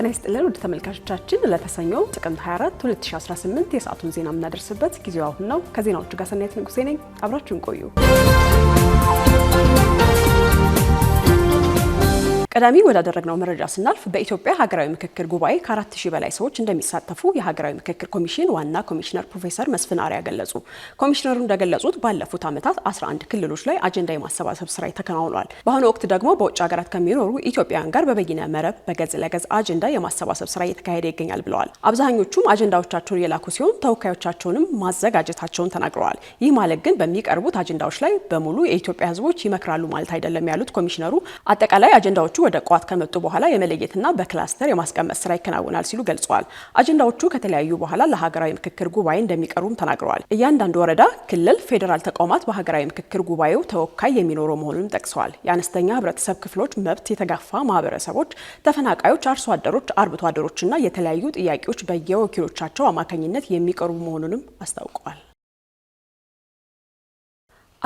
ጤና ይስጥልን ወደ ተመልካቾቻችን፣ ለተሰኘው ጥቅምት 24 2018 የሰዓቱን ዜና የምናደርስበት ጊዜው አሁን ነው። ከዜናዎቹ ጋር ሰናይት ንጉሴ ነኝ። አብራችሁን ቆዩ። ቀዳሚ ወዳደረግነው መረጃ ስናልፍ በኢትዮጵያ ሀገራዊ ምክክር ጉባኤ ከ4000 በላይ ሰዎች እንደሚሳተፉ የሀገራዊ ምክክር ኮሚሽን ዋና ኮሚሽነር ፕሮፌሰር መስፍን አሪያ ገለጹ። ኮሚሽነሩ እንደገለጹት ባለፉት ዓመታት 11 ክልሎች ላይ አጀንዳ የማሰባሰብ ስራ ተከናውኗል። በአሁኑ ወቅት ደግሞ በውጭ ሀገራት ከሚኖሩ ኢትዮጵያውያን ጋር በበይነ መረብ በገጽ ለገጽ አጀንዳ የማሰባሰብ ስራ እየተካሄደ ይገኛል ብለዋል። አብዛኞቹም አጀንዳዎቻቸውን የላኩ ሲሆን ተወካዮቻቸውንም ማዘጋጀታቸውን ተናግረዋል። ይህ ማለት ግን በሚቀርቡት አጀንዳዎች ላይ በሙሉ የኢትዮጵያ ሕዝቦች ይመክራሉ ማለት አይደለም ያሉት ኮሚሽነሩ አጠቃላይ አጀንዳዎች ወደ ቋት ከመጡ በኋላ የመለየትና በክላስተር የማስቀመጥ ስራ ይከናወናል ሲሉ ገልጸዋል። አጀንዳዎቹ ከተለያዩ በኋላ ለሀገራዊ ምክክር ጉባኤ እንደሚቀርቡም ተናግረዋል። እያንዳንዱ ወረዳ፣ ክልል፣ ፌዴራል ተቋማት በሀገራዊ ምክክር ጉባኤው ተወካይ የሚኖረው መሆኑንም ጠቅሰዋል። የአነስተኛ ህብረተሰብ ክፍሎች መብት የተጋፋ ማህበረሰቦች፣ ተፈናቃዮች፣ አርሶ አደሮች፣ አርብቶ አደሮችና የተለያዩ ጥያቄዎች በየወኪሎቻቸው አማካኝነት የሚቀርቡ መሆኑንም አስታውቀዋል።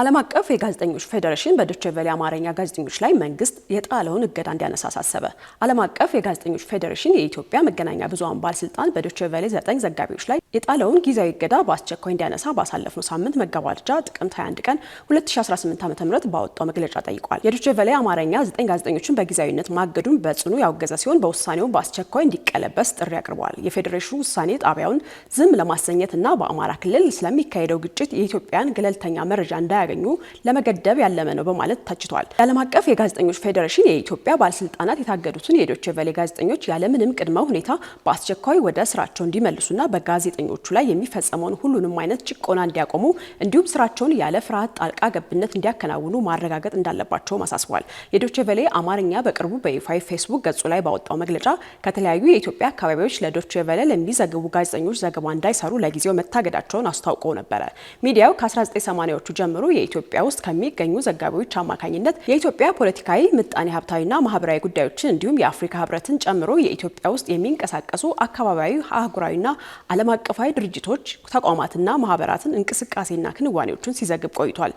ዓለም አቀፍ የጋዜጠኞች ፌዴሬሽን በዶቼ ቬለ አማርኛ ጋዜጠኞች ላይ መንግስት የጣለውን እገዳ እንዲያነሳ አሳሰበ። ዓለም አቀፍ የጋዜጠኞች ፌዴሬሽን የኢትዮጵያ መገናኛ ብዙሃን ባለስልጣን በዶቼ ቬለ ዘጠኝ ዘጋቢዎች ላይ የጣለውን ጊዜያዊ እገዳ በአስቸኳይ እንዲያነሳ ባሳለፍነው ሳምንት መገባደጃ ጥቅምት 21 ቀን 2018 ዓ.ም ባወጣው መግለጫ ጠይቋል። የዶቼ ቬለ አማርኛ ዘጠኝ ጋዜጠኞችን በጊዜያዊነት ማገዱን በጽኑ ያወገዘ ሲሆን በውሳኔው በአስቸኳይ እንዲቀለበስ ጥሪ አቅርበዋል። የፌዴሬሽኑ ውሳኔ ጣቢያውን ዝም ለማሰኘት እና በአማራ ክልል ስለሚካሄደው ግጭት የኢትዮጵያን ገለልተኛ መረጃ እንዳ እንዳያገኙ ለመገደብ ያለመ ነው በማለት ተችቷል። የዓለም አቀፍ የጋዜጠኞች ፌዴሬሽን የኢትዮጵያ ባለስልጣናት የታገዱትን የዶቼ ቬሌ ጋዜጠኞች ያለምንም ቅድመ ሁኔታ በአስቸኳይ ወደ ስራቸው እንዲመልሱና በጋዜጠኞቹ ላይ የሚፈጸመውን ሁሉንም አይነት ጭቆና እንዲያቆሙ እንዲሁም ስራቸውን ያለ ፍርሃት ጣልቃ ገብነት እንዲያከናውኑ ማረጋገጥ እንዳለባቸውም አሳስቧል። የዶቼ አማርኛ በቅርቡ በይፋ ፌስቡክ ገጹ ላይ ባወጣው መግለጫ ከተለያዩ የኢትዮጵያ አካባቢዎች ለዶቼ ቬሌ ለሚዘግቡ ጋዜጠኞች ዘገባ እንዳይሰሩ ለጊዜው መታገዳቸውን አስታውቀው ነበረ። ሚዲያው ከ1980ዎቹ ጀምሮ የኢትዮጵያ ውስጥ ከሚገኙ ዘጋቢዎች አማካኝነት የኢትዮጵያ ፖለቲካዊ፣ ምጣኔ ሀብታዊና ማህበራዊ ጉዳዮችን እንዲሁም የአፍሪካ ህብረትን ጨምሮ የኢትዮጵያ ውስጥ የሚንቀሳቀሱ አካባቢያዊ፣ አህጉራዊና ዓለም አቀፋዊ ድርጅቶች፣ ተቋማትና ማህበራትን እንቅስቃሴና ክንዋኔዎችን ሲዘግብ ቆይቷል።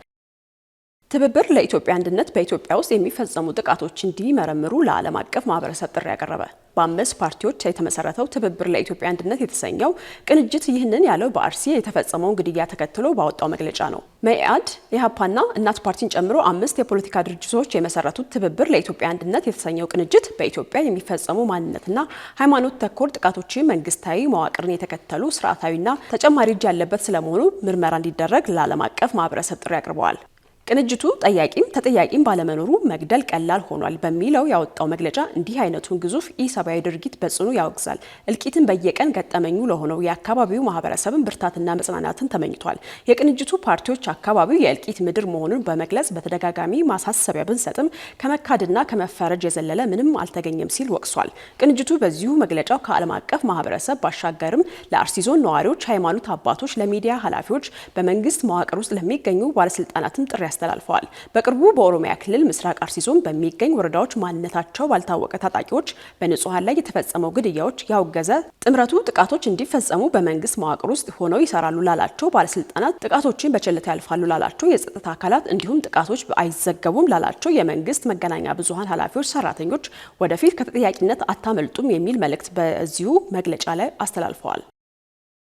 ትብብር ለኢትዮጵያ አንድነት በኢትዮጵያ ውስጥ የሚፈጸሙ ጥቃቶች እንዲመረምሩ ለዓለም አቀፍ ማህበረሰብ ጥሪ ያቀረበ በአምስት ፓርቲዎች የተመሰረተው ትብብር ለኢትዮጵያ አንድነት የተሰኘው ቅንጅት ይህንን ያለው በአርሲ የተፈጸመውን ግድያ ተከትሎ ባወጣው መግለጫ ነው። መኢአድ፣ ኢህአፓና እናት ፓርቲን ጨምሮ አምስት የፖለቲካ ድርጅቶች የመሰረቱት ትብብር ለኢትዮጵያ አንድነት የተሰኘው ቅንጅት በኢትዮጵያ የሚፈጸሙ ማንነትና ሃይማኖት ተኮር ጥቃቶች መንግስታዊ መዋቅርን የተከተሉ ስርዓታዊና ተጨማሪ እጅ ያለበት ስለመሆኑ ምርመራ እንዲደረግ ለዓለም አቀፍ ማህበረሰብ ጥሪ አቅርበዋል። ቅንጅቱ ጠያቂም ተጠያቂም ባለመኖሩ መግደል ቀላል ሆኗል በሚለው ያወጣው መግለጫ እንዲህ አይነቱን ግዙፍ ኢሰብአዊ ድርጊት በጽኑ ያወግዛል። እልቂትን በየቀን ገጠመኙ ለሆነው የአካባቢው ማህበረሰብን ብርታትና መጽናናትን ተመኝቷል። የቅንጅቱ ፓርቲዎች አካባቢው የእልቂት ምድር መሆኑን በመግለጽ በተደጋጋሚ ማሳሰቢያ ብንሰጥም ከመካድና ከመፈረጅ የዘለለ ምንም አልተገኘም ሲል ወቅሷል። ቅንጅቱ በዚሁ መግለጫው ከዓለም አቀፍ ማህበረሰብ ባሻገርም ለአርሲ ዞን ነዋሪዎች፣ ሃይማኖት አባቶች፣ ለሚዲያ ኃላፊዎች፣ በመንግስት መዋቅር ውስጥ ለሚገኙ ባለስልጣናትም ጥሪ ያስተላልፈዋል። በቅርቡ በኦሮሚያ ክልል ምስራቅ አርሲ ዞን በሚገኝ ወረዳዎች ማንነታቸው ባልታወቀ ታጣቂዎች በንጹሐን ላይ የተፈጸመው ግድያዎች ያወገዘ ጥምረቱ ጥቃቶች እንዲፈጸሙ በመንግስት መዋቅር ውስጥ ሆነው ይሰራሉ ላላቸው ባለስልጣናት፣ ጥቃቶችን በቸልታ ያልፋሉ ላላቸው የጸጥታ አካላት እንዲሁም ጥቃቶች አይዘገቡም ላላቸው የመንግስት መገናኛ ብዙሀን ኃላፊዎች፣ ሰራተኞች ወደፊት ከተጠያቂነት አታመልጡም የሚል መልእክት በዚሁ መግለጫ ላይ አስተላልፈዋል።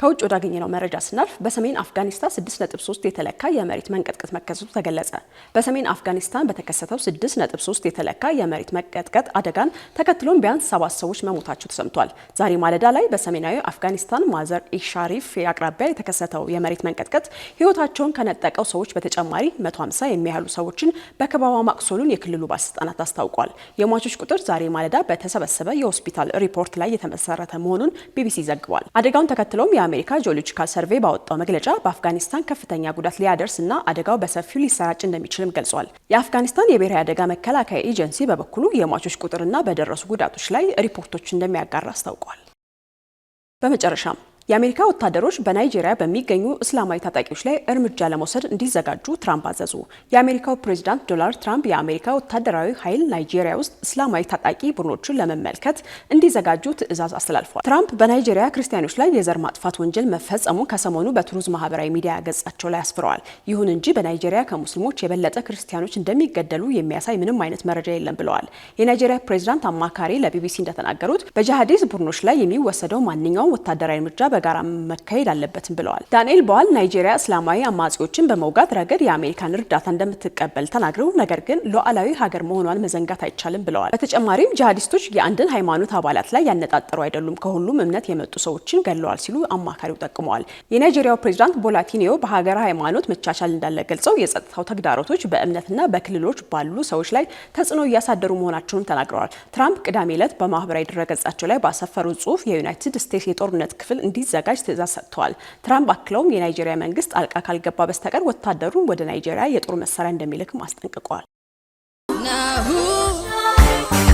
ከውጭ ወዳገኘነው መረጃ ስናልፍ በሰሜን አፍጋኒስታን 6.3 የተለካ የመሬት መንቀጥቀጥ መከሰቱ ተገለጸ። በሰሜን አፍጋኒስታን በተከሰተው 6.3 የተለካ የመሬት መንቀጥቀጥ አደጋን ተከትሎም ቢያንስ ሰባት ሰዎች መሞታቸው ተሰምቷል። ዛሬ ማለዳ ላይ በሰሜናዊ አፍጋኒስታን ማዘር ኢሻሪፍ ሻሪፍ አቅራቢያ የተከሰተው የመሬት መንቀጥቀጥ ህይወታቸውን ከነጠቀው ሰዎች በተጨማሪ 150 የሚያህሉ ሰዎችን በከበባ ማቁሰሉን የክልሉ ባለስልጣናት አስታውቋል። የሟቾች ቁጥር ዛሬ ማለዳ በተሰበሰበ የሆስፒታል ሪፖርት ላይ የተመሰረተ መሆኑን ቢቢሲ ዘግቧል። አደጋውን ተከትሎም የአሜሪካ ጂኦሎጂካል ሰርቬ ባወጣው መግለጫ በአፍጋኒስታን ከፍተኛ ጉዳት ሊያደርስ እና አደጋው በሰፊው ሊሰራጭ እንደሚችልም ገልጿል። የአፍጋኒስታን የብሔራዊ አደጋ መከላከያ ኤጀንሲ በበኩሉ የሟቾች ቁጥርና በደረሱ ጉዳቶች ላይ ሪፖርቶች እንደሚያጋራ አስታውቋል። በመጨረሻም የአሜሪካ ወታደሮች በናይጄሪያ በሚገኙ እስላማዊ ታጣቂዎች ላይ እርምጃ ለመውሰድ እንዲዘጋጁ ትራምፕ አዘዙ። የአሜሪካው ፕሬዚዳንት ዶናልድ ትራምፕ የአሜሪካ ወታደራዊ ኃይል ናይጄሪያ ውስጥ እስላማዊ ታጣቂ ቡድኖችን ለመመልከት እንዲዘጋጁ ትዕዛዝ አስተላልፏል። ትራምፕ በናይጄሪያ ክርስቲያኖች ላይ የዘር ማጥፋት ወንጀል መፈጸሙን ከሰሞኑ በትሩዝ ማህበራዊ ሚዲያ ገጻቸው ላይ አስፍረዋል። ይሁን እንጂ በናይጄሪያ ከሙስሊሞች የበለጠ ክርስቲያኖች እንደሚገደሉ የሚያሳይ ምንም አይነት መረጃ የለም ብለዋል። የናይጄሪያ ፕሬዚዳንት አማካሪ ለቢቢሲ እንደተናገሩት በጂሃዲስት ቡድኖች ላይ የሚወሰደው ማንኛውም ወታደራዊ እርምጃ በጋራ መካሄድ አለበትም ብለዋል። ዳንኤል በዋል ናይጄሪያ እስላማዊ አማጺዎችን በመውጋት ረገድ የአሜሪካን እርዳታ እንደምትቀበል ተናግረው ነገር ግን ሉዓላዊ ሀገር መሆኗን መዘንጋት አይቻልም ብለዋል። በተጨማሪም ጂሃዲስቶች የአንድን ሃይማኖት አባላት ላይ ያነጣጠሩ አይደሉም፣ ከሁሉም እምነት የመጡ ሰዎችን ገለዋል ሲሉ አማካሪው ጠቅመዋል። የናይጄሪያው ፕሬዚዳንት ቦላ በሀገር ሃይማኖት መቻቻል እንዳለ ገልጸው የጸጥታው ተግዳሮቶች በእምነትና በክልሎች ባሉ ሰዎች ላይ ተጽዕኖ እያሳደሩ መሆናቸውን ተናግረዋል። ትራምፕ ቅዳሜ ዕለት በማህበራዊ ድረገጻቸው ላይ ባሰፈሩ ጽሁፍ የዩናይትድ ስቴትስ የጦርነት ክፍል እንዲ እንዲዘጋጅ ትዕዛዝ ሰጥተዋል። ትራምፕ አክለውም የናይጄሪያ መንግስት ጣልቃ ካልገባ በስተቀር ወታደሩን ወደ ናይጄሪያ የጦር መሳሪያ እንደሚልክም አስጠንቅቀዋል።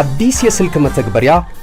አዲስ የስልክ መተግበሪያ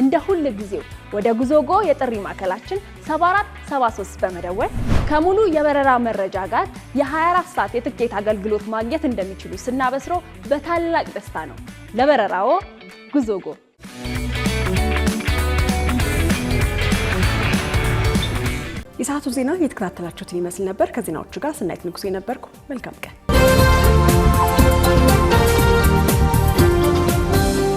እንደ ሁል ጊዜው ወደ ጉዞጎ የጥሪ ማዕከላችን 7473 በመደወል ከሙሉ የበረራ መረጃ ጋር የ24 ሰዓት የትኬት አገልግሎት ማግኘት እንደሚችሉ ስናበስሮ በታላቅ ደስታ ነው። ለበረራዎ ጉዞጎ። የሰዓቱ ዜና እየተከታተላችሁትን ይመስል ነበር። ከዜናዎቹ ጋር ስናይት ንጉሴ ነበርኩ። መልካም ቀን።